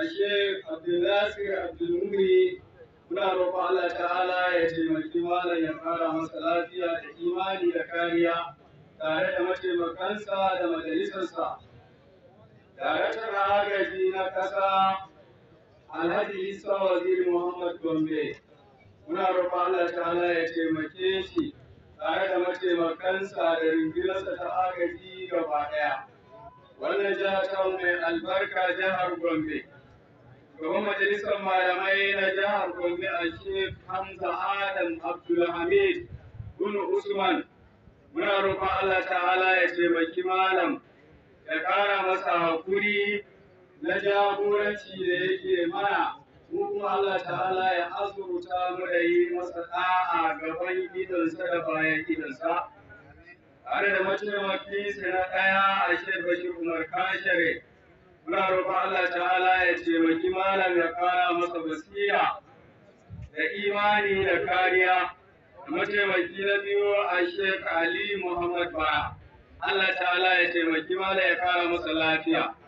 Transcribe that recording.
ashe abdullasir abdulmuni muna roƙon Allah ta'ala ya taimaki malam ya ƙara masa lafiya da imani da kariya tare da mataimakansa da majalisarsa daraktan agaji na ƙasa alhaji isa waziri muhammad gombe muna roƙon Allah ta'ala ya taimake shi tare da mataimakansa da rundunarsa ta agaji gaba ɗaya wannan jihar ta mai albarka jihar gombe kamar majalisar malamai na jihar Gombe a Sheikh Hamza Adam Abdulhamid bin Usman muna roƙon Allah ta'ala ya taimaki malam ya ƙara masa hakuri na jagoranci da yake mana mu kuma Allah ta'ala ya azurta mu da yi masa ɗa'a gaban idonsa da bayan idonsa tare da mataimakinsa na ɗaya a Sheikh Bashir Umar Kashare muna roƙon Allah ta'ala taimaki malam ya kara masa basira da imani da kariya da mataimaki na biyu a shek Ali Muhammad Bara. Allah ta'ala ya taimaki malam ya kara masa lafiya.